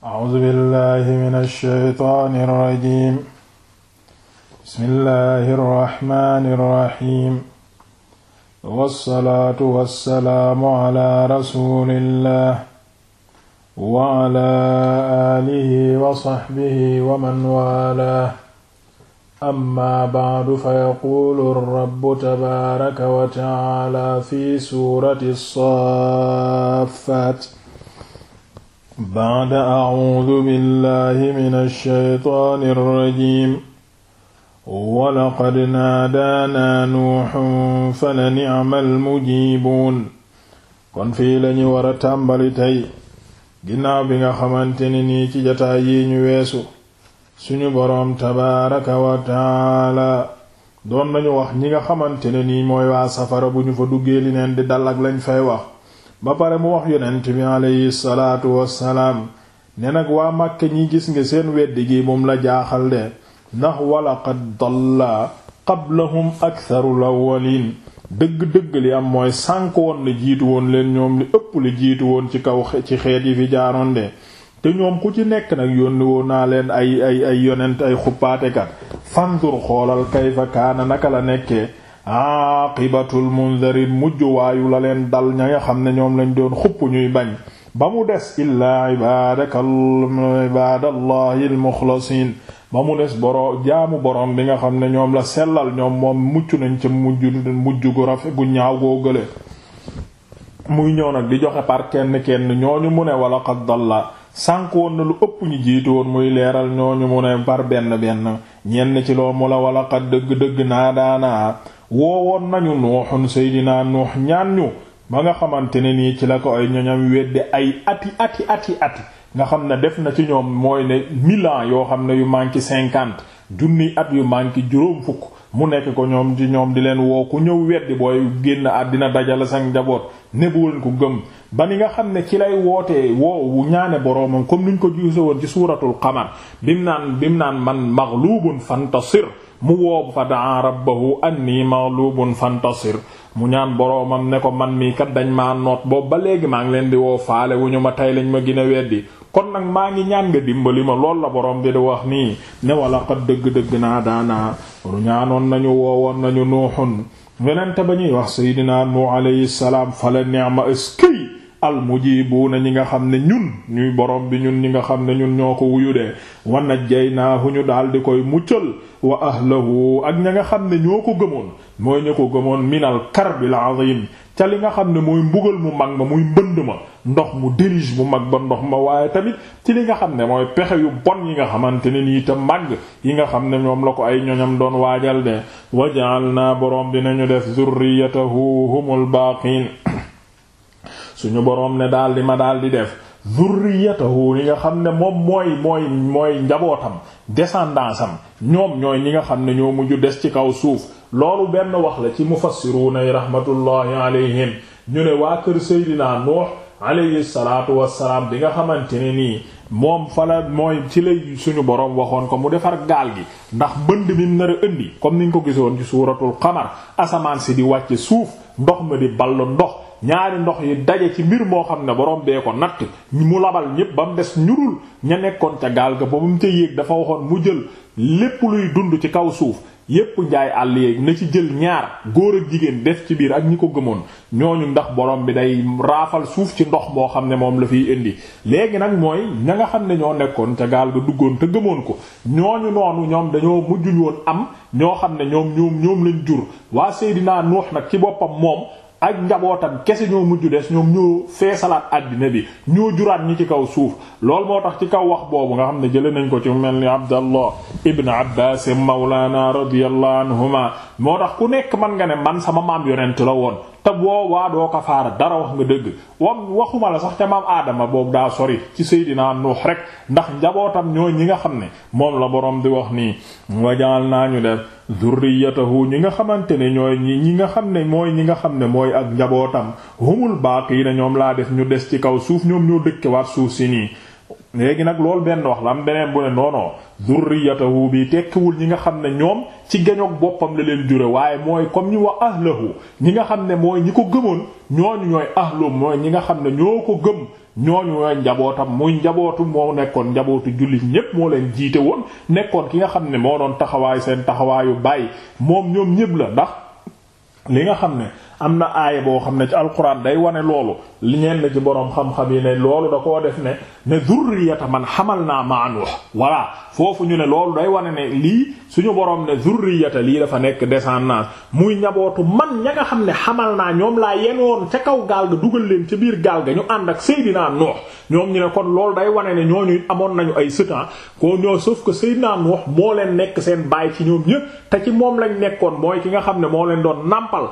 A'uuzu billaahi mina shaytaani rajiim. Bismillaahi rahmaani rahiim. Wassalaatu wassalaamu alaa rasuulillaah wa alaa aalihi wa sahbihi wa man waalaah. Ammaa ba'du fayaquulu rabbu tabaaraka wa ta'aalaa fi suurati Saaffaat. baada acuudu billahi min alsheytaan alrajim walaqad naadaanaa nuuxun fa la nicma almujiibuun kon fii lañu war a tàmbali ginnaaw bi nga xamante ne nii ci jataay yi ñu weesu suñu boroom tabaaraka wa doon lañu wax ñi nga xamante ne nii mooy waa safara bu ñu fa duggee li neen di dal ak lañ fay wax ba pare mu wax yonent bi aleyhi salaatu wassalaam ne nag waa Màkka ñi gis nga seen weddi gi moom la jaaxal de ndax walaqad dalla qablahum aktharul awwalin dëgg-dëgg li am mooy sànk woon la jiitu woon leen ñoom li ëpp li jiitu woon ci kaw ci xeet yi fi jaaroon de te ñoom ku ci nekk nag yónni woon naa leen ay ay ay yonent ay xuppaatekat fandur xoolal kayfa kaana naka la nekkee aqibatul mundarin mujj waayu la leen dal ña nga xam ne ñoom lañ doon xupp ñuy bañ ba mu des illaa ibadaka ibadallahi almuxlasin ba mu des boro jaamu boroom bi nga xam ne ñoom la sellal ñoom moom mucc nañ ca mujj mujj gu rafet gu ñaaw goo gële muy ñëw nag di joxe par kenn kenn ñooñu mu ne wala qad dalla sànk woon na lu ëpp ñu jiitu muy leeral ñooñu mu ne par benn benn ñenn ci loo mu la wala qad dëgg dëgg naa daanaa woon nañu nuuxun seydinaa noox ñaan ñu ba nga xamante ne nii ci la ko ay ñoñam wedde ay ati ati ati ati nga xam ne def na ci ñoom mooy ne mille yoo xam ne yu manqué cinquante junniy at yu manqué juróom fukk mu nekk ko ñoom ci ñoom di leen woo ku ñëw weddi booy génn àddina dajale sa njaboot ne bu leen ko gëm ba ni nga xam ne ci lay wootee woowu ñaane boroomam comme niñ ko juuse woon ci suuratul bi mu naan bi mu naan man maghlubun fantasir mu woobu fa daa rabbahu anni maghlubun fantasir mu ñaan boroomam ne ko man mii kat dañ ma noot boobu ba léegi maa ngi leen di woo faale wu ñu ma tey lañ ma gën a weddi kon nag maa ngi ñaan nga dimbali ma lool la boroom bi di wax nii ne walla xat dëgg-dëgg naa daanaa lu ñaanoon nañu woowoon nañu nuuxun wenente ba ñuy wax seydinaa nuux alayhi salaam fala ni'ma al na ñi nga xam ne ñun ñuy borom bi ñun ñi nga xam ne ñun ñoo ko wuyu de naa najjaynaahu ñu daal di koy muccal wa ahlahu ak ña nga xam ne ñoo ko gëmoon mooy ña ko gëmoon minal karbil azim ca li nga xam ne mooy mbugal mu mag ma muy mbënd ma ndox mu dirige bu mag ba ndox ma waaye tamit ci li nga xam ne mooy pexe yu bon yi nga xamante ne nii te màgg yi nga xam ne ñoom la ko ay ñoñam doon waajal de wajal naa borom bi nañu def zurriyatahu humul baaqiin suñu boroom ne daal di ma daal di def zurriyatahu li nga xam ne moom mooy mooy mooy njabootam descendance ñoom ñooy ñi nga xam ne ñoo mujj des ci kaw suuf loolu benn wax la ci mufassiruuna yi rahmatullahi alayhim ñu ne waa kër Seydina Nuux alayhi salaatu wassalaam bi nga xamante ne nii moom fala mooy ci lay suñu boroom waxoon ko mu defar gaal gi ndax bënd mi nar a indi comme niñ ko gisoon ci suuratul xamar asamaan si di wàcce suuf ndox ma di ballu ndox ñaari ndox yi daje ci mbir moo xam ne borom bee ko natt mu labal ñépp ba mu des ñurul ña nekkoon ca gaal ga ba mu ca yéeg dafa waxoon mu jël lépp luy dund ci kaw suuf yépp njaay àll yeeg na ci jël ñaar góor ak jigéen def ci biir ak ñi ko gëmoon ñooñu ndax borom bi day raafal suuf ci ndox moo xam ne moom la fiy indi léegi nag mooy ña nga xam ne ñoo nekkoon ca gaal ga duggoon te gëmoon ko ñooñu noonu ñoom dañoo mujjuñ woon am ñoo xam ne ñoom ñoom ñoom lañ jur waa Seydina Nuux nag ci boppam moom ak njabootam kese ñoo mujj des ñoom ñoo feesalaat àddina bi ñu juraat ñi ci kaw suuf loolu moo tax ci kaw wax boobu nga xam ne jëlee nañ ko ci mel ni Abdallah ibn Abbas mawlana radiyallahu anhuma moo tax ku nekk man nga ne man sama maam yonent la woon te boobaa doo kafaara dara wax nga dëgg wam waxuma la sax te maam aadama boobu daa sori ci Seydina Nuux rek ndax njabootam ñooy ñi nga xam ne moom la borom di wax nii wajaal naa ñu def zurriyatahu ñi nga xamante ne ñooy ñi ñi nga xam ne mooy ñi nga xam ne mooy ak njabootam humul baaqiina ñoom laa def ñu des ci kaw suuf ñoom ñoo dëkkewaat suuf si nii léegi nag loolu benn wax la am beneen bu ne noonon zurriyatahu bi tekkiwul ñi nga xam ne ñoom ci gañoog boppam la leen jure waaye mooy comme ñu wax ahlahu ñi nga xam ne mooy ñi ko gëmoon ñooñu ñooy ahlu mooy ñi nga xam ne ñoo ko gëm ñooñu ñooy njabootam muy njabootu moo nekkoon njabootu julli ñépp moo leen jiite woon nekkoon ki nga xam ne moo doon taxawaay seen taxawaayu bàyyi moom ñoom ñépp la ndax li nga xam ne am na aaya boo xam ne ci alquran day wane loolu li ñeen na ci boroom xam-xam yi ne loolu da koo def ne ne zurriyata man xamal naa ma Nuux voilà foofu ñu ne loolu day wane ne lii suñu boroom ne zurriyata lii dafa nekk descendance muy ñabootu man ña nga xam ne xamal naa ñoom laa yenoon ca kaw gaal ga dugal leen ca biir gaal ga ñu ànd ak Seydina Nuux ñoom ñu ne kon loolu day wane ne ñooñu amoon nañu ay sëtan ah. ko ñoo sauf que Seydina Nuux moo leen nekk seen baay ci ñoom ñépp te ci moom lañ nekkoon mooy ki nga xam ne moo leen doon nàmpal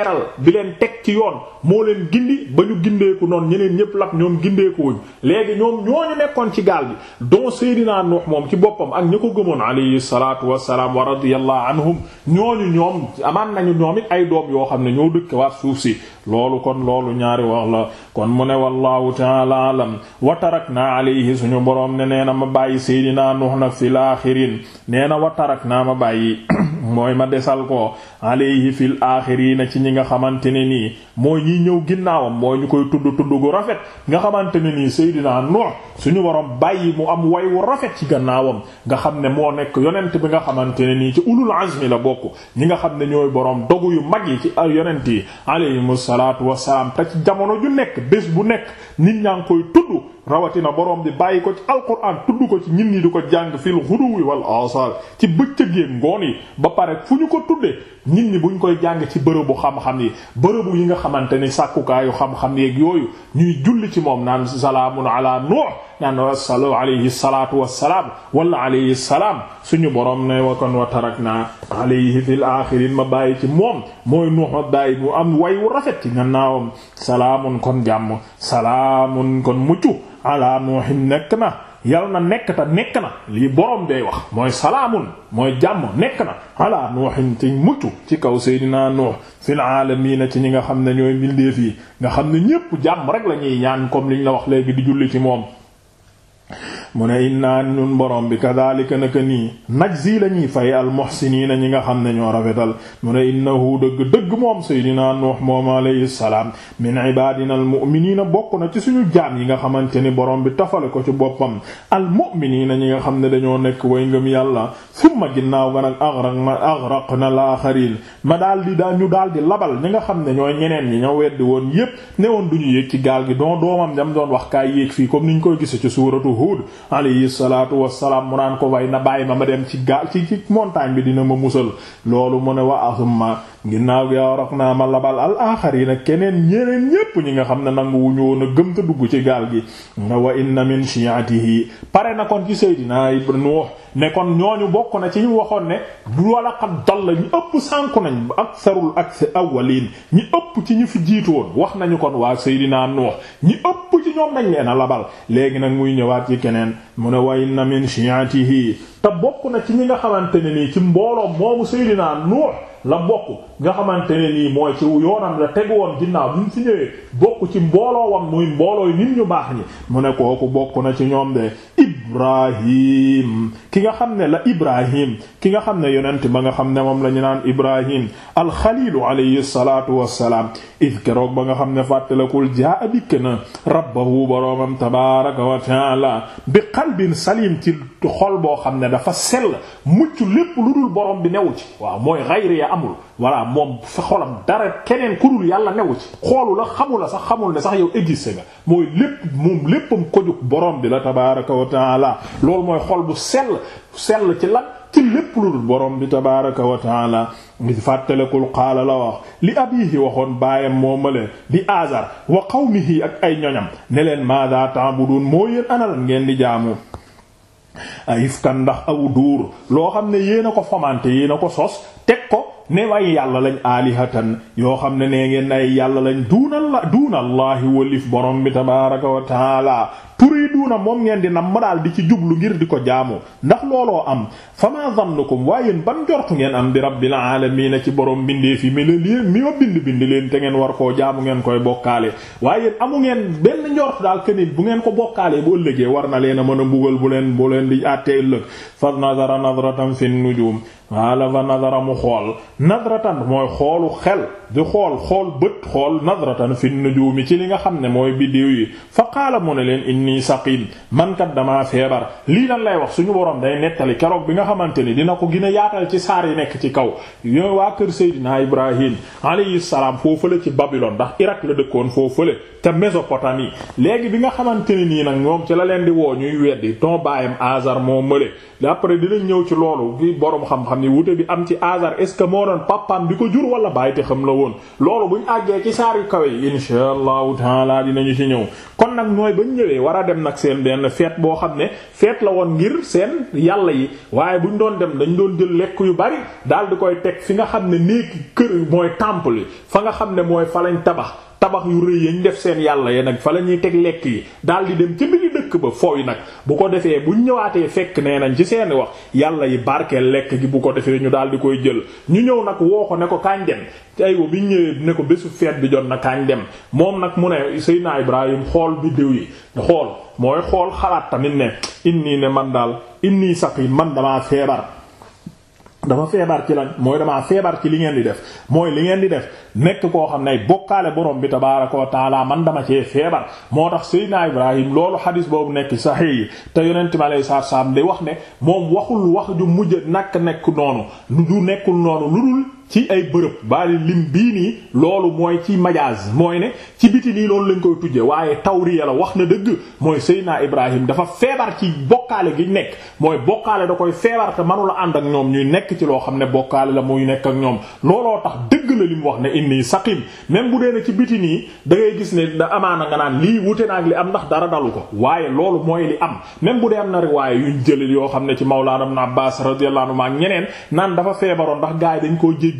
leeral di leen teg ci yoon moo leen gindi ba ñu gindeeku noon ñeneen ñépp lap ñoom gindeeku wuñ léegi ñoom ñooñu nekkoon ci gaal bi doo Seydina Nuux moom ci boppam ak ña ko gëmoon alayhi salaatu wassalaam wa radiyallahu anhum ñooñu ñoom amaan nañu ñoom it ay doom yoo xam ne ñoo dëkk waat suuf si loolu kon loolu ñaari wax la kon mu ne wa wallahu ta'ala alam wa tarakna alayhi suñu boroom ne nee na ma bàyyi Seydina Nuux nag fil aaxirin nee na wa tarakna ma bàyyi mooy ma desal ko alayhi fil aaxiriina ci ñi nga xamante ne nii mooy ñii ñëw ginnaawam mooy ñu koy tudd tudd gu rafet nga xamante ne nii Seydina Nuux suñu borom bàyyi mu am way rafet ci gannaawam nga xam ne moo nekk yonent bi nga xamante ne nii ci ulul azmi la bokk ñi nga xam ne ñooy borom dogu yu mag yi ci yonent yi alayhimu salaatu wassalaam te ci jamono ju nekk bés bu nekk nit ñaa ngi koy tudd rawatina boroom bi bàyyi ko ci alquran tudd ko ci ñin ñi di ko jàng fi fil xuduwi wal asal ci bëccëgee ngoon yi ba pare fu ñu ko tuddee ñin ñi buñ koy jàng ci bërëbu xam-xam yi bërëbu yi nga xamante ni sàkkukaayu xam-xam yeeg yooyu ñuy julli ci moom naan salaamun ala nuux naan wasalu alayhi salatu wassalaam wala alayhi salaam suñu borom ne wakon wa tarakna alayhi fil axirin ma bàyyi ci moom mooy nuux ma bàyyi mu am wayu rafet ci gannaawam salaamun kon jàmm salaamun kon muccu ala nuuhin nekk na yal na nekk ta nekk na lii borom day wax mooy salaamun mooy jàmm nekk na ala nuuhin ci mucc ci kaw seydinaa nuux fil aalamiina ci ñi nga xam ne ñooy mbindeef yi nga xam ne ñépp jàmm rek la ñuy ñaan comme liñ la wax léegi di julli ci moom mu ne innaa ñun borom bi kadhalika naka nii najzi la ñuy fay al muhsiniina ñi nga xam ne ñoo rafetal mu ne innahu dëgg dëgg moom seydinaa nuux moom alayhi salaam min ibaadina al mu'miniina bokk na ci suñu jaam yi nga xamante ni borom bi tafale ko ci boppam al mu'miniina ñi nga xam ne dañoo nekk way ngëm yàlla summa ginnaaw ga nag agraq na agraq na laaxariin ma daal di daal ñu daal di labal ñi nga xam ne ñooy ñeneen ñi ñoo weddi woon yépp ne woon duñu yéeg ci gaal gi don doomam jam doon wax kaay yéeg fii comme niñ koy gise ci suuratu Huud alayhi salaatu salaam mu naan ko way na bàyyi ma ma dem ci gaal ci ci montagne bi dina ma musal loolu mu ne wa ahumma ginnaaw gi warox naa ma labal al aaxariina keneen ñeneen ñépp ñi nga xam ne nangu wu ñu woon a gëm te dugg ci gaal gi na wa inna min shi'atihi pare na kon ci Seydina Nuux ne kon ñoo ñu bokk na ci ñu waxoon ne bu wala xam dalla ñu ëpp sànku nañ aktharul awwaliin ñi ëpp ci ñu fi jiitu wax nañu kon waa Seydina Nuux ñi ëpp ci ñoom nañ leen a labal léegi nag muy ñëwaat ci keneen mu ne wa inna min shi'atihi te bokk na ci ñi nga xamante ne nii ci mbooloo moomu Seydina Nuux la bokk nga xamante ne nii mooy ci yoonam la tegu woon ginnaaw bi mu fi ñëwee bokk ci mbooloo wam muy mboolooy nit ñu baax ñi mu ne kooku bokk na ci ñoom de ibrahim ki nga xam ne la ibrahim ki nga xam ne yonent ba nga xam ne moom la ñu naan ibrahim alxalilu alayhi salaatu wassalaam id keroog ba nga xam ne fàttalakul jaa dikk na rabbahu boroomam tabaraka wa taala bi qalbin salim ci xol boo xam ne dafa sell mucc lépp lu dul borom bi newu ci waaw mooy xayri ya amul voilà moom fa xolam dara keneen ku dul yàlla newu ci xoolu la xamul la sax xamul ne sax yow mooy lépp moom ko jóg borom bi la tabaraka wa taala taala loolu mooy xol bu sell sell ci lan ci lépp lu dul borom bi tabaraka wa taala ngi fàttalekul qaala la wax li abiihi waxoon baayam moo male bi azar wa qawmihi ak ay ñoñam ne leen maada ta'budun moo yéen analan ngeen di jaamu ayifkan ndax aw duur loo xam ne yéen a ko fomante yéen a ko sos teg ko ne way yàlla lañ aalihatan yoo xam ne nee ngeen ay yàlla lañ duunal duunallahi wëlif borom bi tabaraka wa pour yi turiduuna moom ngeen di nam ma daal di ci jublu ngir di ko jaamu ndax looloo am fama zannukum waaye yéen ban jortu ngeen am bi rabbil alamin ci borom bindee fi mi la mi ma bind bind leen te ngeen war koo jaamu ngeen koy bokkaale waaye yéen amu ngeen benn njort daal kenit bu ngeen ko bokkaalee bu ëllëgee war na leen a mën a mbugal bu leen bu leen di àttee ëllëg fa nazara nazratan fi nujum waala fa nadara mu xool nadratan mooy xoolu xel di xool xool bët xool nadratan fi nujuumi ci li nga xam ne mooy biddiw yi fa qaala mu ne leen inni saqim mankat damaa feebar lii lan lay wax suñu borom day nettali keroog bi nga xamante ni dina ko gën a yaatal ci saar yi nekk ci kaw yooyu waa kër Seydina Ibrahim alayhi salaam foofu la ci Babylone ndax Irak la dëkkoon foofu la te Mésopotamie léegi bi nga xamante ne nii nag ñoom ci la leen di woo ñuy weddi ton baayam Azar moo mële après dinañ ñëw ci loolu borom xam xam wute bi am ci hasard est ce que moo doon papaam bi ko jur wala bàyyi te xam la woon loolu buñ àggee ci saar yu kawe yi insha allahu taala dinañu si ñëw kon nag ñooy ñu ñëwee war a dem nag seen benn feet boo xam ne feet la woon ngir seen yàlla yi waaye buñ doon dem dañ doon jël lekk yu bari daal di koy teg fi nga xam ne néeg kër mooy temple fa nga xam ne mooy fa lañ tabax tabax yu rëy ñu def seen yàlla ya nag fa la ñuy teg lekk yi daal di dem ci biir dëkk ba yi nag bu ko defee buñ ñëwaatee fekk nee nañ ci seeni wax yàlla yi barkeel lekk gi bu ko defee ñu daal di koy jël ñu ñëw nag woo ko ne ko kañ dem aywa ñu ñëwee ne ko bésu feet bi jot na kañ dem moom nag mu ne Seydina Ibrahim xool biddiw yi xool mooy xool xalaat tamit ne inni ne man daal sax saqi man damaa feebar dafa feebar ci lan mooy damaa feebar ci li ngeen di def mooy li ngeen di def nekk koo xam ne bokkaale borom bi tabaaraka wa taala man dama cee feebar moo tax Seydina Ibrahim loolu xadis boobu nekk saxiix yi te ma bi alayhi salaam di wax ne moom waxul wax ju mujj nak nekk noonu du nekkul noonu lu dul ci ay bërëb baali lim bii nii loolu mooy ci majaaz mooy ne ci biti nii loolu lañ koy tujje waaye tawriya la wax na dëgg mooy Seydina Ibrahim dafa feebar ci bokkaale gi nekk mooy bokkaale da koy feebar te manula ànd ak ñoom ñuy nekk ci loo xam ne bokkaale la muy nekk ak ñoom looloo tax dëgg la lim wax ne inni saqim même bu dee ne ci biti dangay da ngay gis ne da amaana nga naan lii wute naag li am ndax dara dalu ko waaye loolu mooy li am même bu dee am na riwaaye yuñ yoo xam ne ci Mawlaana Ibn Abbaas radiyallahu anhu ñeneen naan dafa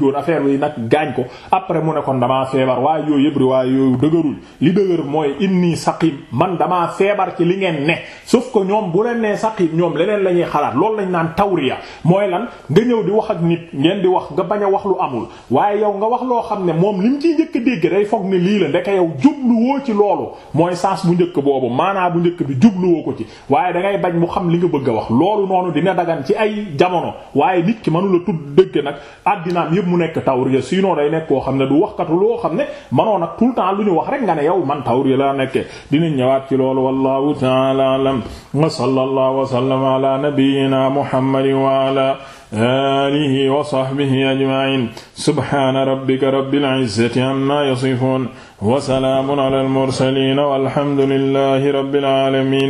diggoon affaire bi nag gaañ ko après mu ne kon damaa feebar waaye yooyu yëpp waaye yooyu dëgërul li dëgër mooy inni saqim man damaa feebar ci li ngeen ne sauf ko ñoom bu leen nee saqim ñoom leneen la ñuy xalaat loolu lañ naan tawriya mooy lan nga ñëw di wax ak nit ngeen di wax nga bañ a wax lu amul waaye yow nga wax loo xam ne moom lim ci njëkk dégg day foog ni lii la ndeke yow woo ci loolu mooy sens bu njëkk boobu maanaa bu njëkk bi jubluwoo ko ci waaye da bañ mu xam li nga a wax loolu noonu dina dagan ci ay jamono waaye nit ki nag addinaam mu nekk tawriya sinon day nekk koo xam ne du waxkatu loo xam ne manoo nag tout le temps lu ñu wax rek nga ne yow man tawriya laa nekke dinañ ñëwaat ci loolu wallahu ta'ala alam wa sallallahu wa sallama ala nabiyyina muhammadin wa ala alihi wa sahbihi ajma'in subhana rabbika rabbil izzati amma yasifun wa salamun ala al mursalin walhamdulillahi rabbil alamin